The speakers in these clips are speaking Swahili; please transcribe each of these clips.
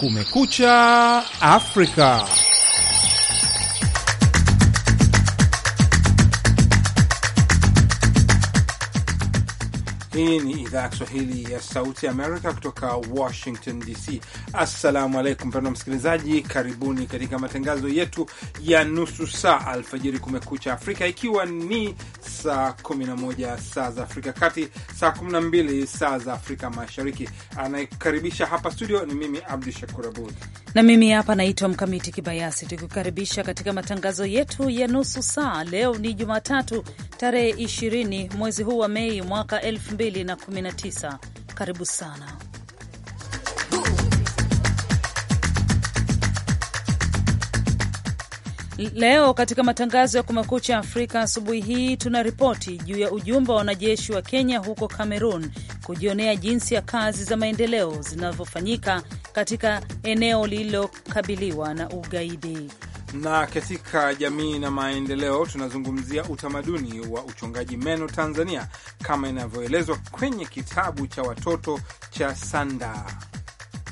Kumekucha Afrika. Hii ni idhaa ya Kiswahili ya Sauti ya Amerika kutoka Washington DC. Assalamu alaikum mpendwa msikilizaji, karibuni katika matangazo yetu ya nusu saa alfajiri, Kumekucha Afrika, ikiwa ni saa 11 saa za Afrika Kati, saa 12 saa za Afrika Mashariki. Anayekaribisha hapa studio ni mimi Abdu Shakur Abud na mimi hapa naitwa Mkamiti Kibayasi, tukikukaribisha katika matangazo yetu ya nusu saa. Leo ni Jumatatu tarehe 20 mwezi huu wa Mei mwaka 2019. Karibu sana Leo katika matangazo ya Kumekucha Afrika asubuhi hii tuna ripoti juu ya ujumbe wa wanajeshi wa Kenya huko Cameroon kujionea jinsi ya kazi za maendeleo zinavyofanyika katika eneo lililokabiliwa na ugaidi. Na katika jamii na maendeleo tunazungumzia utamaduni wa uchongaji meno Tanzania kama inavyoelezwa kwenye kitabu cha watoto cha Sanda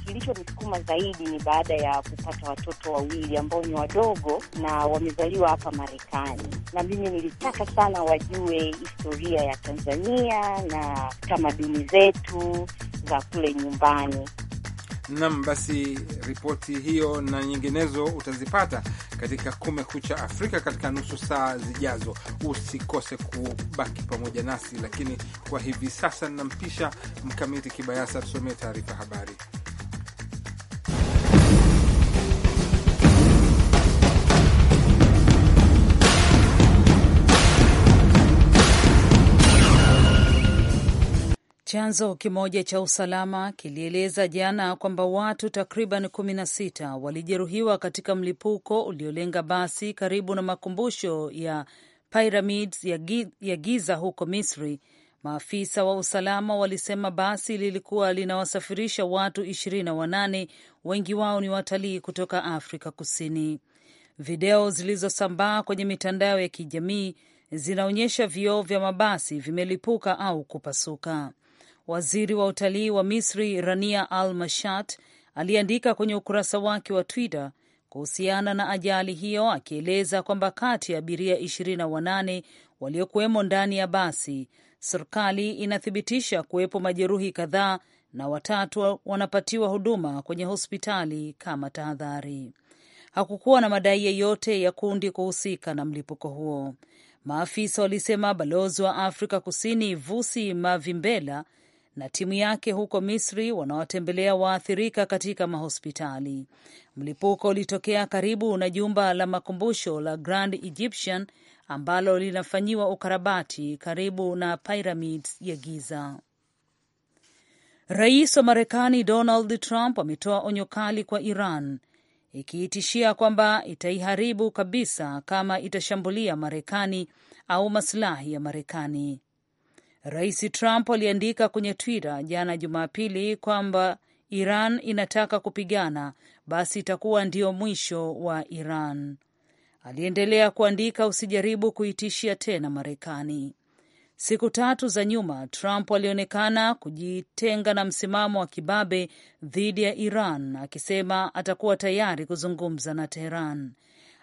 kilichonisukuma zaidi ni baada ya kupata watoto wawili ambao ni wadogo na wamezaliwa hapa Marekani, na mimi nilitaka sana wajue historia ya Tanzania na tamaduni zetu za kule nyumbani. Nam, basi ripoti hiyo na nyinginezo utazipata katika Kumekucha Afrika katika nusu saa zijazo. Usikose kubaki pamoja nasi, lakini kwa hivi sasa nampisha Mkamiti Kibayasi atusomee taarifa habari. Chanzo kimoja cha usalama kilieleza jana kwamba watu takriban kumi na sita walijeruhiwa katika mlipuko uliolenga basi karibu na makumbusho ya Pyramids ya Giza huko Misri. Maafisa wa usalama walisema basi lilikuwa linawasafirisha watu ishirini na wanane, wengi wao ni watalii kutoka Afrika Kusini. Video zilizosambaa kwenye mitandao ya kijamii zinaonyesha vioo vya mabasi vimelipuka au kupasuka. Waziri wa utalii wa Misri Rania Al Mashat aliandika kwenye ukurasa wake wa Twitter kuhusiana na ajali hiyo, akieleza kwamba kati ya abiria 28 waliokuwemo ndani ya basi, serikali inathibitisha kuwepo majeruhi kadhaa na watatu wanapatiwa huduma kwenye hospitali kama tahadhari. Hakukuwa na madai yeyote ya kundi kuhusika na mlipuko huo. Maafisa walisema balozi wa Afrika Kusini Vusi Mavimbela na timu yake huko Misri wanawatembelea waathirika katika mahospitali. Mlipuko ulitokea karibu na jumba la makumbusho la Grand Egyptian ambalo linafanyiwa ukarabati karibu na Pyramids ya Giza. Rais wa Marekani Donald Trump ametoa onyo kali kwa Iran ikiitishia kwamba itaiharibu kabisa kama itashambulia Marekani au masilahi ya Marekani. Rais Trump aliandika kwenye Twitter jana Jumapili kwamba Iran inataka kupigana, basi itakuwa ndio mwisho wa Iran. Aliendelea kuandika, usijaribu kuitishia tena Marekani. Siku tatu za nyuma, Trump alionekana kujitenga na msimamo wa kibabe dhidi ya Iran, akisema atakuwa tayari kuzungumza na Teheran.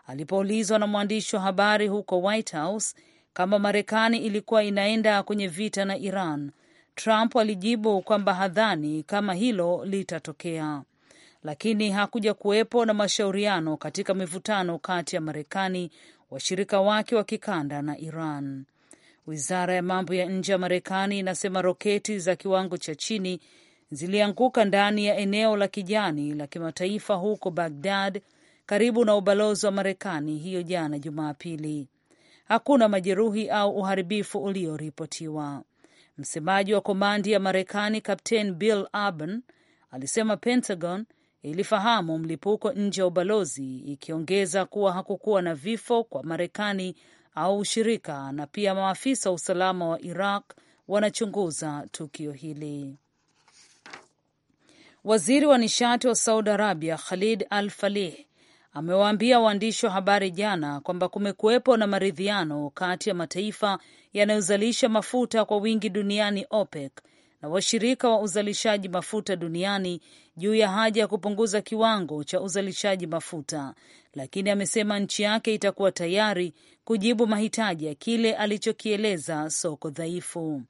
Alipoulizwa na mwandishi wa habari huko White House kama Marekani ilikuwa inaenda kwenye vita na Iran. Trump alijibu kwamba hadhani kama hilo litatokea, lakini hakuja kuwepo na mashauriano katika mivutano kati ya Marekani, washirika wake wa kikanda na Iran. Wizara ya mambo ya nje ya Marekani inasema roketi za kiwango cha chini zilianguka ndani ya eneo la kijani la kimataifa huko Bagdad, karibu na ubalozi wa Marekani hiyo jana Jumapili. Hakuna majeruhi au uharibifu ulioripotiwa. Msemaji wa komandi ya Marekani Kapten Bill Urban alisema Pentagon ilifahamu mlipuko nje ya ubalozi, ikiongeza kuwa hakukuwa na vifo kwa Marekani au ushirika, na pia maafisa wa usalama wa Iraq wanachunguza tukio hili. Waziri wa nishati wa Saudi Arabia Khalid Al Falih amewaambia waandishi wa habari jana kwamba kumekuwepo na maridhiano kati ya mataifa yanayozalisha mafuta kwa wingi duniani OPEC na washirika wa uzalishaji mafuta duniani juu ya haja ya kupunguza kiwango cha uzalishaji mafuta, lakini amesema nchi yake itakuwa tayari kujibu mahitaji ya kile alichokieleza soko dhaifu.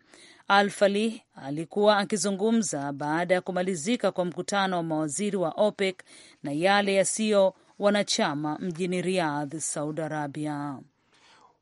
Alfali alikuwa akizungumza baada ya kumalizika kwa mkutano wa mawaziri wa OPEC na yale yasiyo wanachama mjini Riyadh, Saudi Arabia.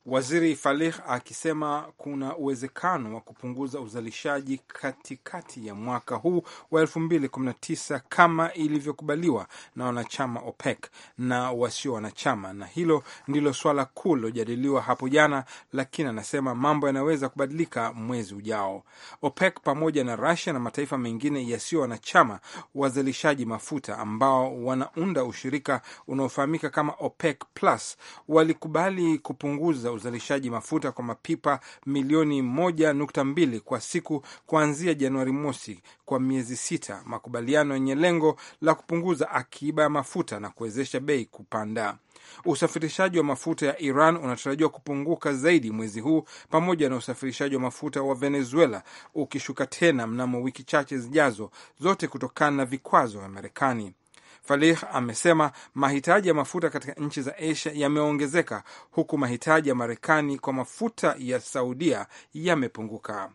Waziri Falih akisema kuna uwezekano wa kupunguza uzalishaji katikati ya mwaka huu wa 2019 kama ilivyokubaliwa na wanachama OPEC na wasio wanachama, na hilo ndilo swala kuu lilojadiliwa hapo jana, lakini anasema mambo yanaweza kubadilika mwezi ujao. OPEC pamoja na Russia na mataifa mengine yasiyo wanachama wazalishaji mafuta ambao wanaunda ushirika unaofahamika kama OPEC Plus walikubali kupunguza uzalishaji mafuta kwa mapipa milioni moja nukta mbili kwa siku kuanzia Januari mosi kwa miezi sita, makubaliano yenye lengo la kupunguza akiba ya mafuta na kuwezesha bei kupanda. Usafirishaji wa mafuta ya Iran unatarajiwa kupunguka zaidi mwezi huu, pamoja na usafirishaji wa mafuta wa Venezuela ukishuka tena mnamo wiki chache zijazo, zote kutokana na vikwazo vya Marekani. Falih amesema mahitaji ya mafuta katika nchi za Asia yameongezeka huku mahitaji ya Marekani kwa mafuta ya Saudia yamepunguka.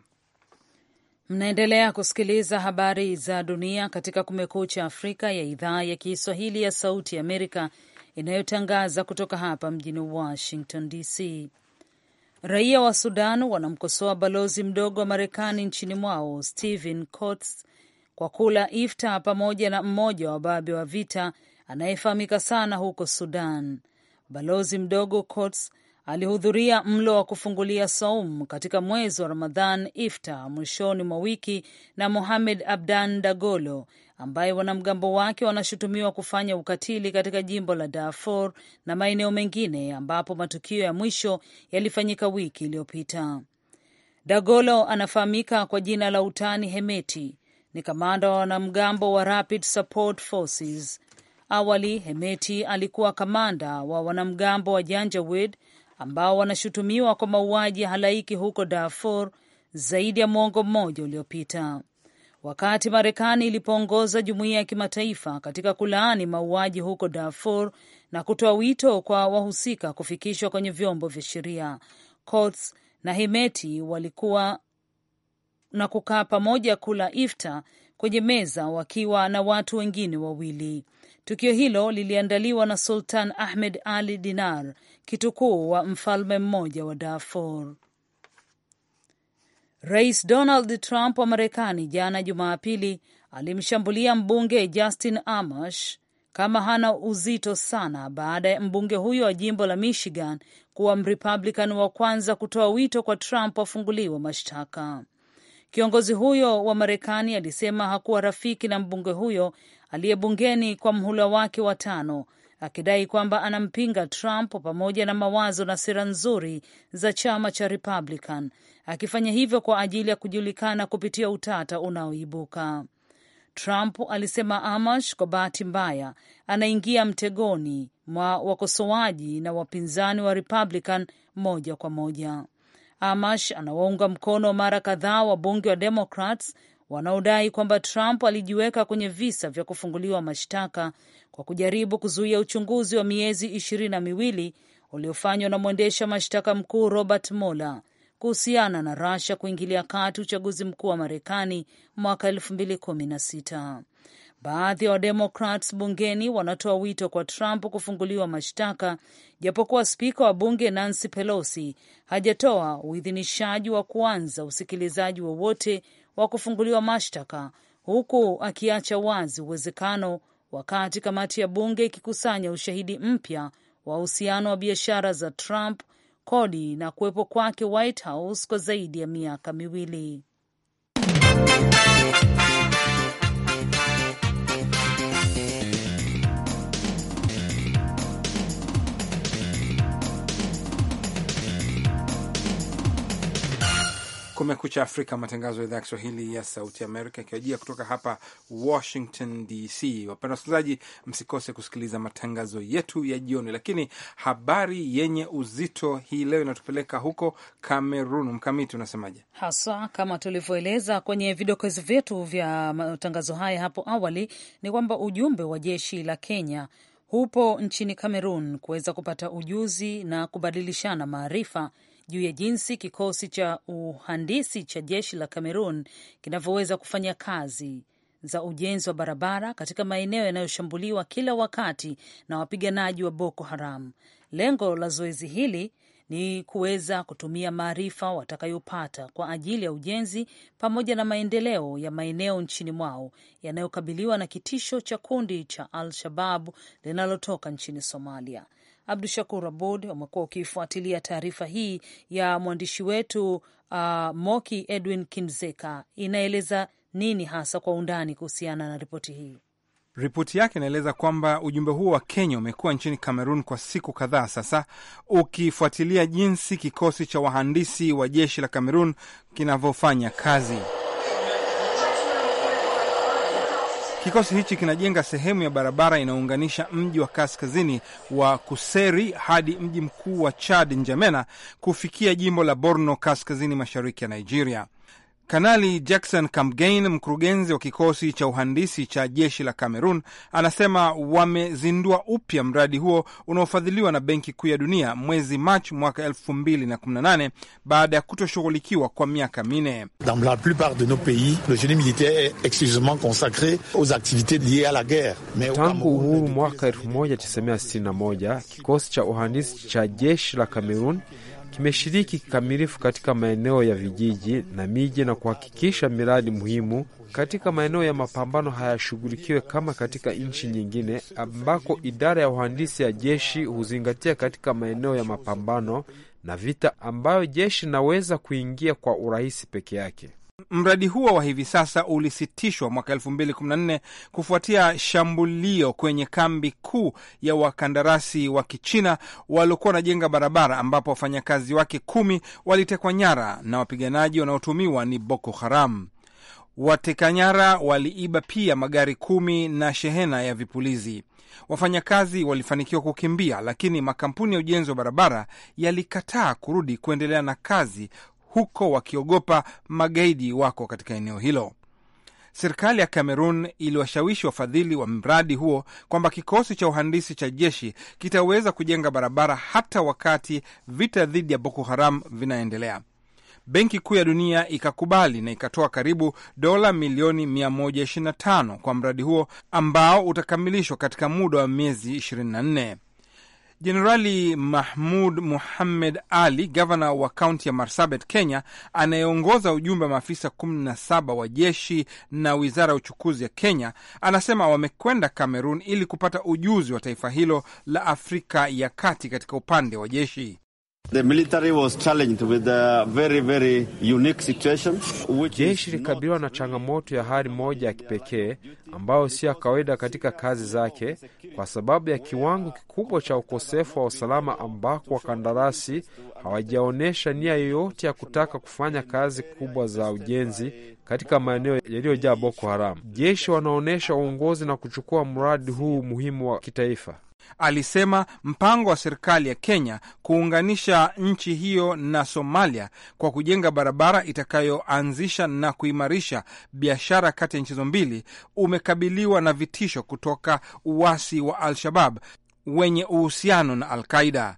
Mnaendelea kusikiliza habari za dunia katika Kumekucha Afrika ya idhaa ya Kiswahili ya Sauti Amerika inayotangaza kutoka hapa mjini Washington DC. Raia wa Sudan wanamkosoa balozi mdogo wa Marekani nchini mwao Stephen Coates kwa kula ifta pamoja na mmoja wa babe wa vita anayefahamika sana huko Sudan. Balozi mdogo Cots alihudhuria mlo wa kufungulia soum katika mwezi wa Ramadhan ifta mwishoni mwa wiki na Mohamed Abdan Dagolo ambaye wanamgambo wake wanashutumiwa kufanya ukatili katika jimbo la Darfur na maeneo mengine ambapo matukio ya mwisho yalifanyika wiki iliyopita. Dagolo anafahamika kwa jina la utani Hemeti ni kamanda wa wanamgambo wa Rapid Support Forces. Awali Hemeti alikuwa kamanda wa wanamgambo wa Janjaweed ambao wanashutumiwa kwa mauaji ya halaiki huko Darfur zaidi ya mwongo mmoja uliopita. Wakati Marekani ilipoongoza jumuiya ya kimataifa katika kulaani mauaji huko Darfur na kutoa wito kwa wahusika kufikishwa kwenye vyombo vya sheria, Coats na Hemeti walikuwa na kukaa pamoja kula ifta kwenye meza wakiwa na watu wengine wawili. Tukio hilo liliandaliwa na Sultan Ahmed Ali Dinar, kitukuu wa mfalme mmoja wa Darfur. Rais Donald Trump wa Marekani jana Jumapili alimshambulia mbunge Justin Amash kama hana uzito sana baada ya mbunge huyo wa jimbo la Michigan kuwa Mrepublican wa kwanza kutoa wito kwa Trump afunguliwe mashtaka. Kiongozi huyo wa Marekani alisema hakuwa rafiki na mbunge huyo aliye bungeni kwa mhula wake wa tano, akidai kwamba anampinga Trump pamoja na mawazo na sera nzuri za chama cha Republican, akifanya hivyo kwa ajili ya kujulikana kupitia utata unaoibuka. Trump alisema Amash kwa bahati mbaya anaingia mtegoni mwa wakosoaji na wapinzani wa Republican moja kwa moja. Amash anawaunga mkono mara kadhaa wabunge wa Democrats wanaodai kwamba Trump alijiweka kwenye visa vya kufunguliwa mashtaka kwa kujaribu kuzuia uchunguzi wa miezi ishirini na miwili uliofanywa na mwendesha mashtaka mkuu Robert Mueller kuhusiana na Russia kuingilia kati uchaguzi mkuu wa Marekani mwaka 2016. Baadhi ya wa Wademokrats bungeni wanatoa wito kwa Trump kufunguliwa mashtaka, japokuwa spika wa bunge Nancy Pelosi hajatoa uidhinishaji wa kuanza usikilizaji wowote wa, wa kufunguliwa mashtaka, huku akiacha wazi uwezekano, wakati kamati ya bunge ikikusanya ushahidi mpya wa uhusiano wa biashara za Trump, kodi na kuwepo kwake White House kwa zaidi ya miaka miwili. Kumekucha Afrika, matangazo ya idhaa ya Kiswahili ya Sauti Amerika ikiwajia kutoka hapa Washington DC. Wapenda wasikilizaji, msikose kusikiliza matangazo yetu ya jioni. Lakini habari yenye uzito hii leo inatupeleka huko Kamerun. Mkamiti, unasemaje? Haswa kama tulivyoeleza kwenye vidokezo vyetu vya matangazo haya hapo awali, ni kwamba ujumbe wa jeshi la Kenya hupo nchini Kamerun kuweza kupata ujuzi na kubadilishana maarifa juu ya jinsi kikosi cha uhandisi cha jeshi la Cameroon kinavyoweza kufanya kazi za ujenzi wa barabara katika maeneo yanayoshambuliwa kila wakati na wapiganaji wa Boko Haram. Lengo la zoezi hili ni kuweza kutumia maarifa watakayopata kwa ajili ya ujenzi pamoja na maendeleo ya maeneo nchini mwao yanayokabiliwa na kitisho cha kundi cha al shababu linalotoka nchini Somalia. Abdu Shakur Abud umekuwa ukifuatilia taarifa hii ya mwandishi wetu uh, Moki Edwin Kinzeka. Inaeleza nini hasa kwa undani kuhusiana na ripoti hii? Ripoti yake inaeleza kwamba ujumbe huo wa Kenya umekuwa nchini Kamerun kwa siku kadhaa sasa, ukifuatilia jinsi kikosi cha wahandisi wa jeshi la Kamerun kinavyofanya kazi. Kikosi hichi kinajenga sehemu ya barabara inayounganisha mji wa kaskazini wa Kuseri hadi mji mkuu wa Chad, Njamena, kufikia jimbo la Borno kaskazini mashariki ya Nigeria. Kanali Jackson Camgain, mkurugenzi wa kikosi cha uhandisi cha jeshi la Cameroon, anasema wamezindua upya mradi huo unaofadhiliwa na Benki Kuu ya Dunia mwezi Machi mwaka 2018 baada ya kutoshughulikiwa kwa miaka minne. Dans la plupart de nos pays le génie militaire est exclusivement aux activités liées la guerre. Tangu uhuru mwaka 1961 kikosi cha uhandisi cha jeshi la Cameroon kimeshiriki kikamilifu katika maeneo ya vijiji na miji na kuhakikisha miradi muhimu katika maeneo ya mapambano hayashughulikiwe kama katika nchi nyingine ambako idara ya uhandisi ya jeshi huzingatia katika maeneo ya mapambano na vita ambayo jeshi naweza kuingia kwa urahisi peke yake. Mradi huo wa hivi sasa ulisitishwa mwaka 2014 kufuatia shambulio kwenye kambi kuu ya wakandarasi wa Kichina waliokuwa wanajenga barabara, ambapo wafanyakazi wake kumi walitekwa nyara na wapiganaji wanaotumiwa ni Boko Haram. Watekanyara waliiba pia magari kumi na shehena ya vipulizi. Wafanyakazi walifanikiwa kukimbia, lakini makampuni ya ujenzi wa barabara yalikataa kurudi kuendelea na kazi huko wakiogopa magaidi wako katika eneo hilo. Serikali ya cameron iliwashawishi wafadhili wa mradi huo kwamba kikosi cha uhandisi cha jeshi kitaweza kujenga barabara hata wakati vita dhidi ya Boko Haram vinaendelea. Benki Kuu ya Dunia ikakubali na ikatoa karibu dola milioni 125 kwa mradi huo ambao utakamilishwa katika muda wa miezi 24. Jenerali Mahmud Muhammed Ali, gavana wa kaunti ya Marsabit, Kenya, anayeongoza ujumbe wa maafisa 17 wa jeshi na wizara ya uchukuzi ya Kenya, anasema wamekwenda Kamerun ili kupata ujuzi wa taifa hilo la Afrika ya kati katika upande wa jeshi jeshi likabiliwa na changamoto ya hali moja ya kipekee ambayo si ya kawaida katika kazi zake kwa sababu ya kiwango kikubwa cha ukosefu wa usalama ambako wakandarasi hawajaonyesha nia yoyote ya kutaka kufanya kazi kubwa za ujenzi katika maeneo yaliyojaa Boko Haramu. Jeshi wanaonyesha uongozi na kuchukua mradi huu muhimu wa kitaifa alisema mpango wa serikali ya Kenya kuunganisha nchi hiyo na Somalia kwa kujenga barabara itakayoanzisha na kuimarisha biashara kati ya nchi hizo mbili umekabiliwa na vitisho kutoka uasi wa Al-Shabab wenye uhusiano na Al-Qaida.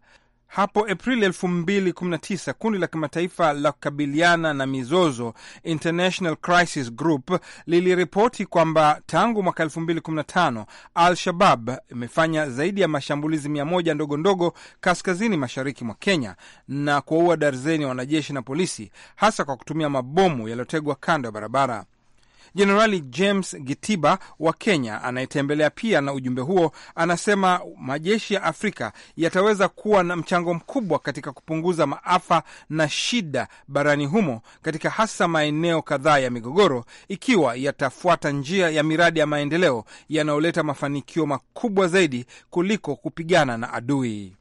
Hapo Aprili 2019 kundi la kimataifa la kukabiliana na mizozo International Crisis Group liliripoti kwamba tangu mwaka 2015 Al-Shabab imefanya zaidi ya mashambulizi 1 ndogo ndogo kaskazini mashariki mwa Kenya na kuwaua darzeni ya wanajeshi na polisi, hasa kwa kutumia mabomu yaliyotegwa kando ya barabara. Jenerali James Gitiba wa Kenya anayetembelea pia na ujumbe huo anasema majeshi ya Afrika yataweza kuwa na mchango mkubwa katika kupunguza maafa na shida barani humo katika hasa maeneo kadhaa ya migogoro, ikiwa yatafuata njia ya miradi ya maendeleo yanayoleta mafanikio makubwa zaidi kuliko kupigana na adui.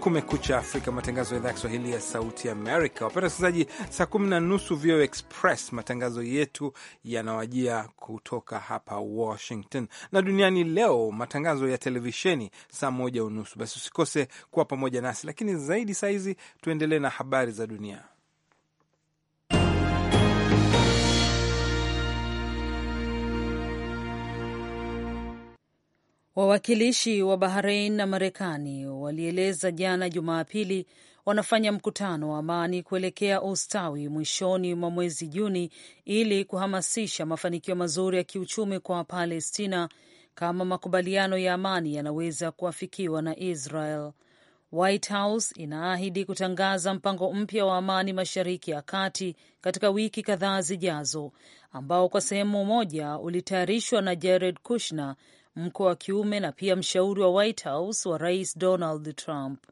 Kumekucha Afrika, matangazo ya idhaa ya Kiswahili ya Sauti Amerika. Wapenda wasikilizaji, saa kumi na nusu VOA Express, matangazo yetu yanawajia kutoka hapa Washington. Na duniani leo, matangazo ya televisheni saa moja unusu. Basi usikose kuwa pamoja nasi, lakini zaidi saa hizi tuendelee na habari za dunia. Wawakilishi wa Bahrain na Marekani walieleza jana Jumapili wanafanya mkutano wa amani kuelekea ustawi mwishoni mwa mwezi Juni ili kuhamasisha mafanikio mazuri ya kiuchumi kwa palestina kama makubaliano ya amani yanaweza kuafikiwa na Israel. White House inaahidi kutangaza mpango mpya wa amani Mashariki ya Kati katika wiki kadhaa zijazo, ambao kwa sehemu moja ulitayarishwa na Jared Kushner, mko wa kiume na pia mshauri wa White House wa Rais Donald Trump.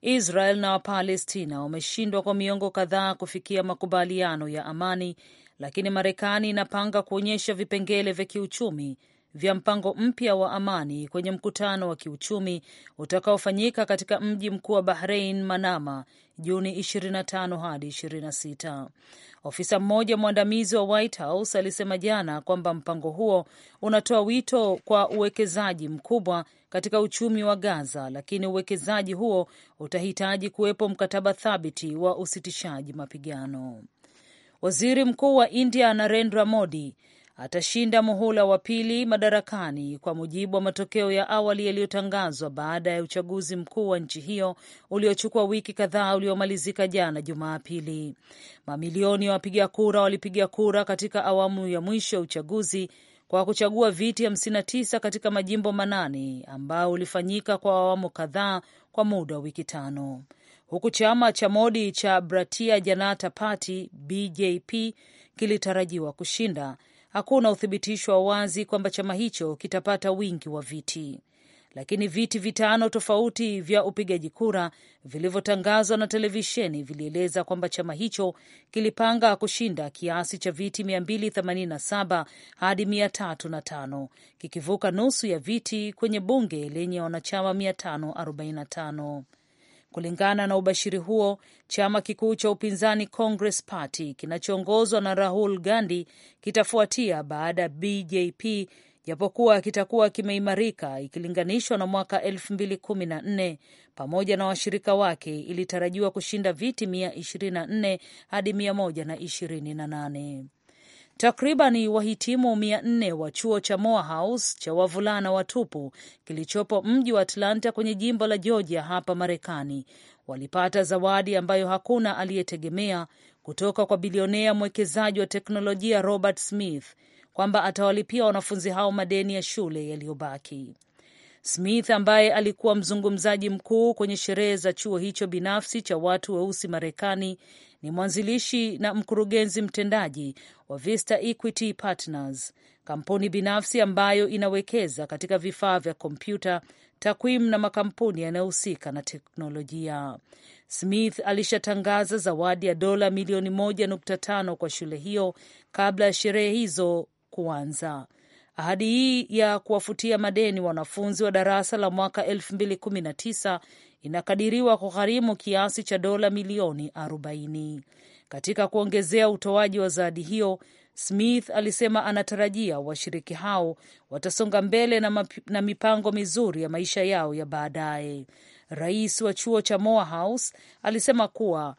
Israel na Wapalestina wameshindwa kwa miongo kadhaa kufikia makubaliano ya amani, lakini Marekani inapanga kuonyesha vipengele vya kiuchumi vya mpango mpya wa amani kwenye mkutano wa kiuchumi utakaofanyika katika mji mkuu wa bahrein Manama, Juni 25 hadi 26. Ofisa mmoja mwandamizi wa White House alisema jana kwamba mpango huo unatoa wito kwa uwekezaji mkubwa katika uchumi wa Gaza, lakini uwekezaji huo utahitaji kuwepo mkataba thabiti wa usitishaji mapigano. Waziri Mkuu wa India Narendra Modi atashinda muhula wa pili madarakani kwa mujibu wa matokeo ya awali yaliyotangazwa baada ya uchaguzi mkuu wa nchi hiyo uliochukua wiki kadhaa uliomalizika jana Jumapili. Mamilioni ya wapiga kura walipiga kura katika awamu ya mwisho ya uchaguzi kwa kuchagua viti 59 katika majimbo manane ambao ulifanyika kwa awamu kadhaa kwa muda wa wiki tano, huku chama cha Modi cha bratia Janata Party BJP kilitarajiwa kushinda hakuna uthibitisho wa wazi kwamba chama hicho kitapata wingi wa viti, lakini viti vitano tofauti vya upigaji kura vilivyotangazwa na televisheni vilieleza kwamba chama hicho kilipanga kushinda kiasi cha viti 287 hadi 305 kikivuka nusu ya viti kwenye bunge lenye wanachama 545. Kulingana na ubashiri huo, chama kikuu cha upinzani Congress Party kinachoongozwa na Rahul Gandhi kitafuatia baada ya BJP, japokuwa kitakuwa kimeimarika ikilinganishwa na mwaka 2014 pamoja na washirika wake, ilitarajiwa kushinda viti 124 hadi 128. Takriban wahitimu mia nne wa chuo cha Morehouse cha wavulana watupu kilichopo mji wa Atlanta kwenye jimbo la Georgia hapa Marekani walipata zawadi ambayo hakuna aliyetegemea kutoka kwa bilionea mwekezaji wa teknolojia Robert Smith kwamba atawalipia wanafunzi hao madeni ya shule yaliyobaki. Smith ambaye alikuwa mzungumzaji mkuu kwenye sherehe za chuo hicho binafsi cha watu weusi Marekani ni mwanzilishi na mkurugenzi mtendaji wa Vista Equity Partners, kampuni binafsi ambayo inawekeza katika vifaa vya kompyuta, takwimu na makampuni yanayohusika na teknolojia. Smith alishatangaza zawadi ya dola milioni 1.5 kwa shule hiyo kabla ya sherehe hizo kuanza. Ahadi hii ya kuwafutia madeni wanafunzi wa darasa la mwaka 2019 inakadiriwa kugharimu kiasi cha dola milioni 40. Katika kuongezea utoaji wa zawadi hiyo, Smith alisema anatarajia washiriki hao watasonga mbele na, na mipango mizuri ya maisha yao ya baadaye. Rais wa chuo cha Morehouse alisema kuwa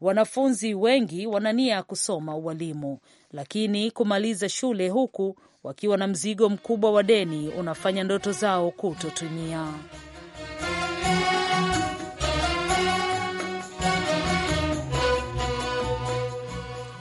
wanafunzi wengi wana nia ya kusoma ualimu, lakini kumaliza shule huku wakiwa na mzigo mkubwa wa deni unafanya ndoto zao kutotimia.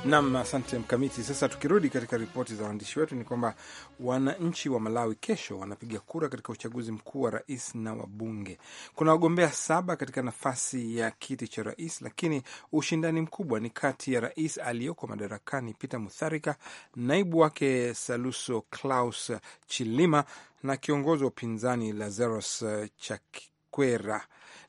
Nam, asante Mkamiti. Sasa tukirudi katika ripoti za waandishi wetu, ni kwamba wananchi wa Malawi kesho wanapiga kura katika uchaguzi mkuu wa rais na wabunge. Kuna wagombea saba katika nafasi ya kiti cha rais, lakini ushindani mkubwa ni kati ya rais aliyoko madarakani Peter Mutharika, naibu wake Saluso Klaus Chilima na kiongozi wa upinzani Lazarus Chakwera.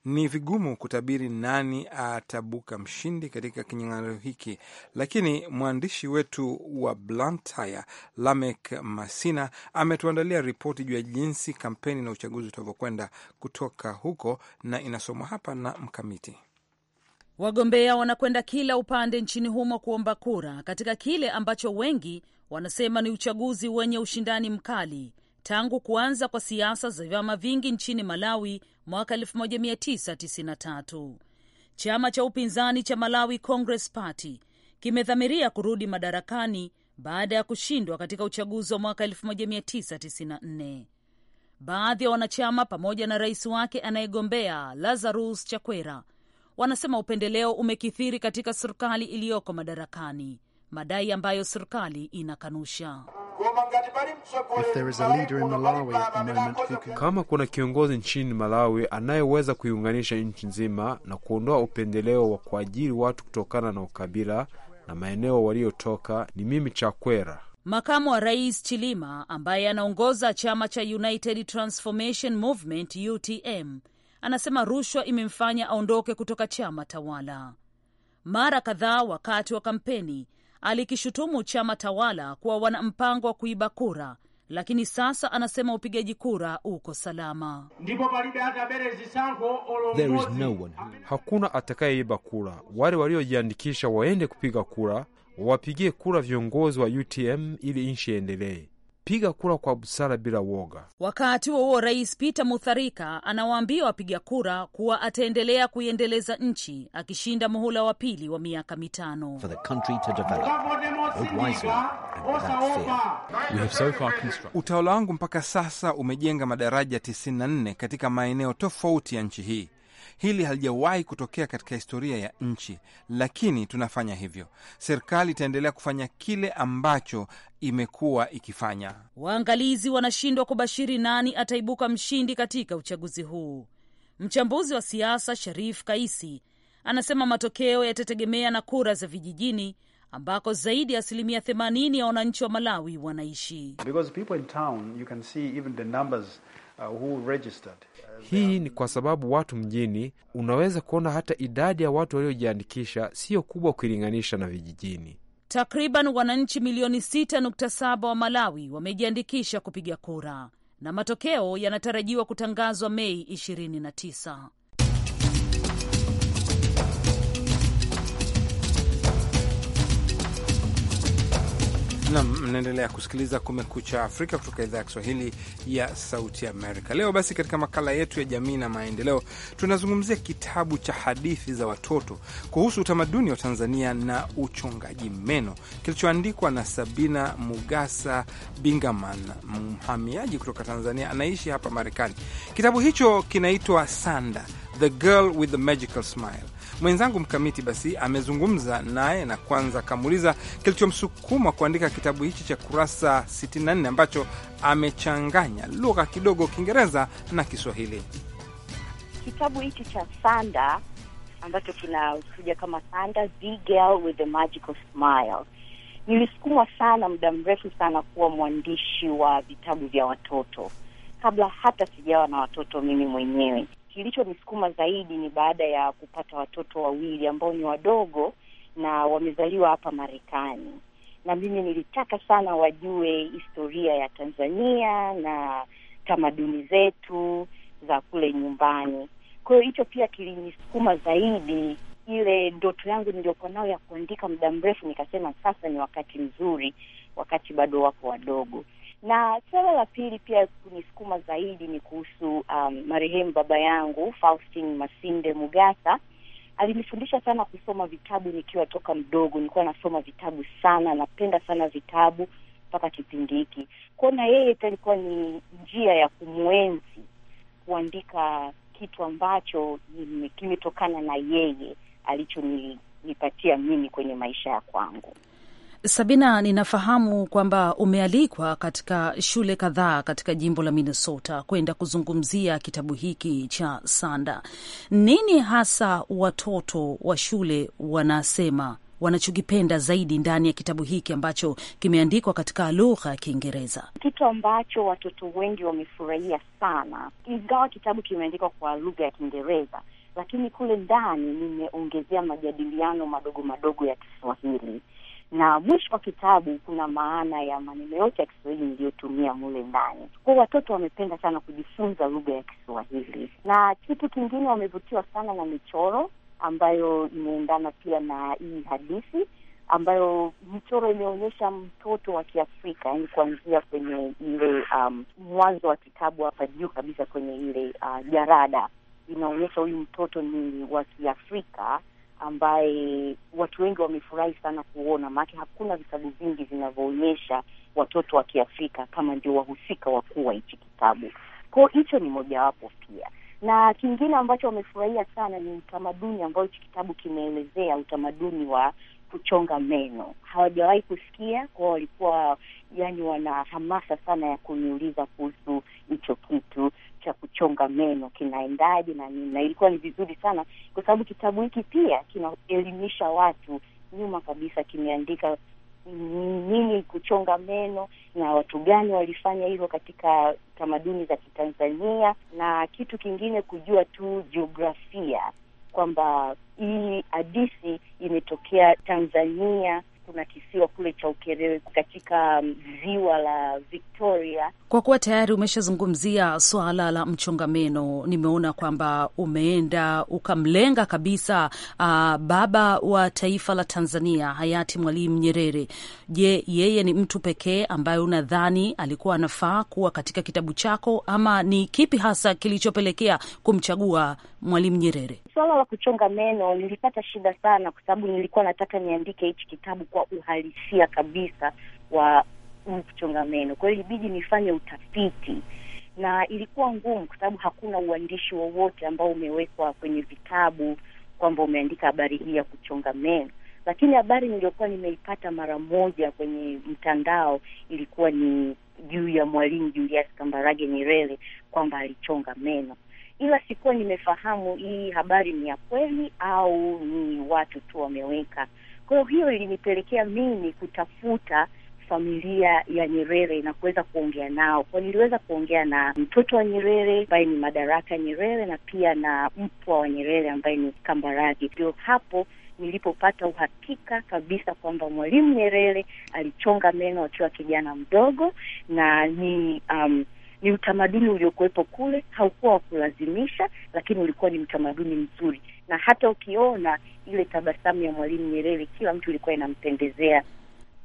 Ni vigumu kutabiri nani atabuka mshindi katika kinyang'anyiro hiki, lakini mwandishi wetu wa Blantyre, Lamek Masina, ametuandalia ripoti juu ya jinsi kampeni na uchaguzi utavyokwenda kutoka huko, na inasomwa hapa na Mkamiti. Wagombea wanakwenda kila upande nchini humo kuomba kura katika kile ambacho wengi wanasema ni uchaguzi wenye ushindani mkali tangu kuanza kwa siasa za vyama vingi nchini Malawi mwaka 1993. Chama cha upinzani cha Malawi Congress Party kimedhamiria kurudi madarakani baada ya kushindwa katika uchaguzi wa mwaka 1994. Baadhi ya wanachama pamoja na rais wake anayegombea Lazarus Chakwera wanasema upendeleo umekithiri katika serikali iliyoko madarakani, madai ambayo serikali inakanusha. If there is a leader in Malawi at the moment who can... Kama kuna kiongozi nchini Malawi anayeweza kuiunganisha nchi nzima na kuondoa upendeleo wa kuajiri watu kutokana na ukabila na maeneo waliotoka ni mimi Chakwera. Makamu wa Rais Chilima ambaye anaongoza chama cha United Transformation Movement UTM anasema rushwa imemfanya aondoke kutoka chama tawala. Mara kadhaa wakati wa kampeni alikishutumu chama tawala kuwa wana mpango wa kuiba kura, lakini sasa anasema upigaji kura uko salama. There is no one who... hakuna atakayeiba kura. Wale waliojiandikisha waende kupiga kura, wapigie kura viongozi wa UTM ili nchi iendelee. Piga kura kwa busara bila woga. Wakati huo huo, Rais Peter Mutharika anawaambia wapiga kura kuwa ataendelea kuiendeleza nchi akishinda muhula wa pili wa miaka mitano. Utawala wangu mpaka sasa umejenga madaraja 94 katika maeneo tofauti ya nchi hii. Hili halijawahi kutokea katika historia ya nchi, lakini tunafanya hivyo. Serikali itaendelea kufanya kile ambacho imekuwa ikifanya. Waangalizi wanashindwa kubashiri nani ataibuka mshindi katika uchaguzi huu. Mchambuzi wa siasa Sharif Kaisi anasema matokeo yatategemea na kura za vijijini ambako zaidi ya asilimia 80 ya wananchi wa Malawi wanaishi. Because people in town, you can see even the numbers Uh, who registered. Uh, Hii ni kwa sababu watu mjini, unaweza kuona hata idadi ya watu waliojiandikisha siyo kubwa ukilinganisha na vijijini. Takriban wananchi milioni 6.7 wa Malawi wamejiandikisha kupiga kura na matokeo yanatarajiwa kutangazwa Mei 29. Nam, mnaendelea kusikiliza Kumekucha Afrika kutoka idhaa ya Kiswahili ya Sauti Amerika. Leo basi, katika makala yetu ya jamii na maendeleo, tunazungumzia kitabu cha hadithi za watoto kuhusu utamaduni wa Tanzania na uchongaji meno kilichoandikwa na Sabina Mugasa Bingaman, mhamiaji kutoka Tanzania anaishi hapa Marekani. Kitabu hicho kinaitwa Sanda, The Girl with the Magical Smile. Mwenzangu Mkamiti basi amezungumza naye na kwanza akamuuliza kilichomsukuma kuandika kitabu hichi cha kurasa 64 ambacho amechanganya lugha kidogo Kiingereza na Kiswahili. Kitabu hichi cha Sanda ambacho kinakuja kama Sanda The Girl with the Magical Smile, nilisukumwa sana muda mrefu sana kuwa mwandishi wa vitabu vya watoto kabla hata sijawa na watoto mimi mwenyewe kilichonisukuma zaidi ni baada ya kupata watoto wawili ambao ni wadogo na wamezaliwa hapa Marekani, na mimi nilitaka sana wajue historia ya Tanzania na tamaduni zetu za kule nyumbani. Kwa hiyo hicho pia kilinisukuma zaidi. Ile ndoto yangu niliyokuwa nayo ya kuandika muda mrefu, nikasema sasa ni wakati mzuri, wakati bado wako wadogo na swala la pili pia kunisukuma zaidi ni kuhusu um, marehemu baba yangu Faustin Masinde Mugasa alinifundisha sana kusoma vitabu nikiwa toka mdogo. Nilikuwa nasoma vitabu sana, napenda sana vitabu mpaka kipindi hiki kwao, na yeye alikuwa ni njia ya kumwenzi, kuandika kitu ambacho kimetokana na yeye alichonipatia mimi kwenye maisha ya kwangu. Sabina, ninafahamu kwamba umealikwa katika shule kadhaa katika jimbo la Minnesota kwenda kuzungumzia kitabu hiki cha Sanda. Nini hasa watoto wa shule wanasema wanachokipenda zaidi ndani ya kitabu hiki ambacho kimeandikwa katika lugha ya Kiingereza? Kitu ambacho watoto wengi wamefurahia sana, ingawa kitabu kimeandikwa kwa lugha ya Kiingereza, lakini kule ndani nimeongezea majadiliano madogo madogo ya Kiswahili na mwisho wa kitabu kuna maana ya maneno yote ya Kiswahili niliyotumia mule ndani. Kwa watoto wamependa sana kujifunza lugha ya Kiswahili, na kitu kingine wamevutiwa sana na michoro ambayo imeendana pia na hii hadithi ambayo michoro imeonyesha mtoto wa Kiafrika, yani kuanzia kwenye ile um, mwanzo wa kitabu hapa juu kabisa kwenye ile uh, jarada inaonyesha huyu mtoto ni wa Kiafrika ambaye watu wengi wamefurahi sana kuona, maanake hakuna vitabu vingi vinavyoonyesha watoto wa Kiafrika kama ndio wahusika wakuu wa hichi kitabu. ko hicho ni mojawapo pia, na kingine ambacho wamefurahia sana ni utamaduni ambao hichi kitabu kimeelezea, utamaduni wa kuchonga meno. Hawajawahi kusikia kwao, walikuwa yani wana hamasa sana ya kuniuliza kuhusu hicho kitu cha kuchonga meno kinaendaje na nini, na ilikuwa ni vizuri sana, kwa sababu kitabu hiki pia kinaelimisha watu. Nyuma kabisa kimeandika nini kuchonga meno na watu gani walifanya hivyo katika tamaduni za Kitanzania, na kitu kingine kujua tu jiografia kwamba hii hadithi imetokea Tanzania kuna kisiwa kule cha Ukerewe katika um, ziwa la Victoria. Kwa kuwa tayari umeshazungumzia swala la mchongameno, nimeona kwamba umeenda ukamlenga kabisa uh, baba wa taifa la Tanzania hayati Mwalimu Nyerere. Je, yeye ni mtu pekee ambaye unadhani alikuwa anafaa kuwa katika kitabu chako ama ni kipi hasa kilichopelekea kumchagua Mwalimu Nyerere? suala la kuchonga meno nilipata shida sana, kwa sababu nilikuwa nataka niandike hichi kitabu kwa uhalisia kabisa wa um, kuchonga meno. Kwa hiyo ilibidi nifanye utafiti na ilikuwa ngumu, kwa sababu hakuna uandishi wowote ambao umewekwa kwenye vitabu kwamba umeandika habari hii ya kuchonga meno lakini habari niliyokuwa nimeipata mara moja kwenye mtandao ilikuwa ni juu ya Mwalimu Julius Kambarage Nyerere kwamba alichonga meno ila sikuwa nimefahamu hii habari ni ya kweli au ni watu tu wameweka. Kwa hiyo hiyo ilinipelekea mimi kutafuta familia ya Nyerere na kuweza kuongea nao, kwa niliweza kuongea na mtoto wa Nyerere ambaye ni Madaraka Nyerere na pia na mpwa wa Nyerere ambaye ni Kambarage. Ndio hapo nilipopata uhakika kabisa kwamba Mwalimu Nyerere alichonga meno akiwa kijana mdogo na ni um, ni utamaduni uliokuwepo kule, haukuwa wa kulazimisha, lakini ulikuwa ni utamaduni mzuri, na hata ukiona ile tabasamu ya Mwalimu Nyerere, kila mtu ilikuwa inampendezea.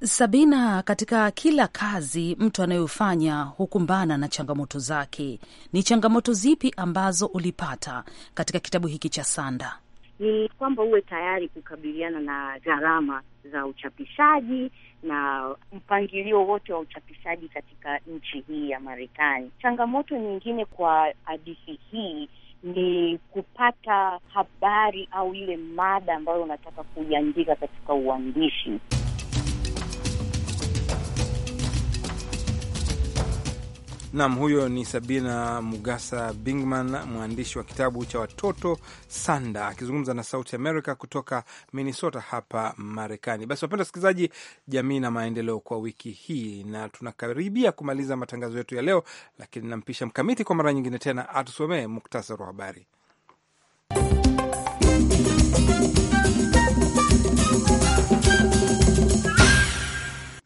Sabina, katika kila kazi mtu anayofanya hukumbana na changamoto zake. Ni changamoto zipi ambazo ulipata katika kitabu hiki cha Sanda? Ni kwamba uwe tayari kukabiliana na gharama za uchapishaji na mpangilio wote wa uchapishaji katika nchi hii ya Marekani. Changamoto nyingine kwa hadithi hii ni kupata habari au ile mada ambayo unataka kuiandika katika uandishi. Nam, huyo ni Sabina Mugasa Bingman, mwandishi wa kitabu cha watoto Sanda, akizungumza na Sauti America kutoka Minnesota hapa Marekani. Basi wapenda wasikilizaji, jamii na maendeleo kwa wiki hii, na tunakaribia kumaliza matangazo yetu ya leo, lakini nampisha Mkamiti kwa mara nyingine tena atusomee muktasari wa habari.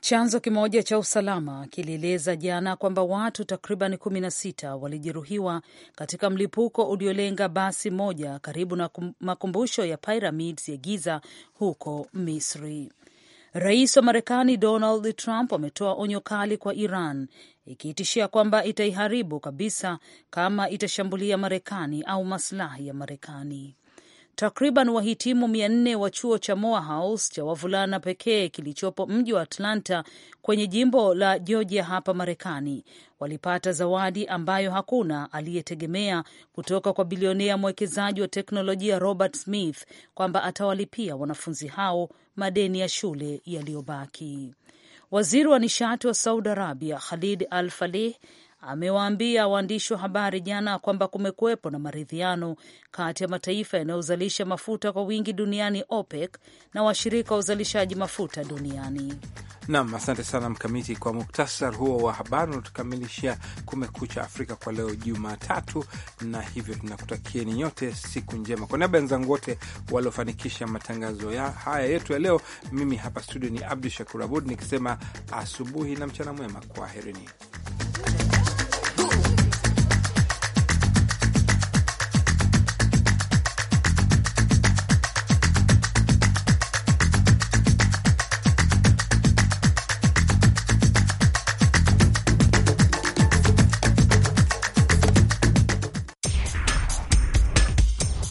Chanzo kimoja cha usalama kilieleza jana kwamba watu takriban 16 walijeruhiwa katika mlipuko uliolenga basi moja karibu na makumbusho ya Pyramids ya Giza huko Misri. Rais wa Marekani Donald Trump ametoa onyo kali kwa Iran ikiitishia kwamba itaiharibu kabisa kama itashambulia Marekani au maslahi ya Marekani. Takriban wahitimu mia nne wa chuo cha Morehouse cha wavulana pekee kilichopo mji wa Atlanta kwenye jimbo la Georgia hapa Marekani walipata zawadi ambayo hakuna aliyetegemea kutoka kwa bilionea mwekezaji wa teknolojia Robert Smith kwamba atawalipia wanafunzi hao madeni ya shule yaliyobaki. Waziri wa nishati wa Saudi Arabia Khalid Al Falih amewaambia waandishi wa habari jana kwamba kumekuwepo na maridhiano kati ya mataifa yanayozalisha mafuta kwa wingi duniani OPEC na washirika wa uzalishaji mafuta duniani. Nam, asante sana Mkamiti kwa muktasar huo wa habari unatukamilishia Kumekucha Afrika kwa leo Jumatatu, na hivyo tunakutakieni nyote siku njema. Kwa niaba ya wenzangu wote waliofanikisha matangazo ya haya yetu ya leo, mimi hapa studio ni Abdu Shakur Abud nikisema asubuhi na mchana mwema, kwaherini.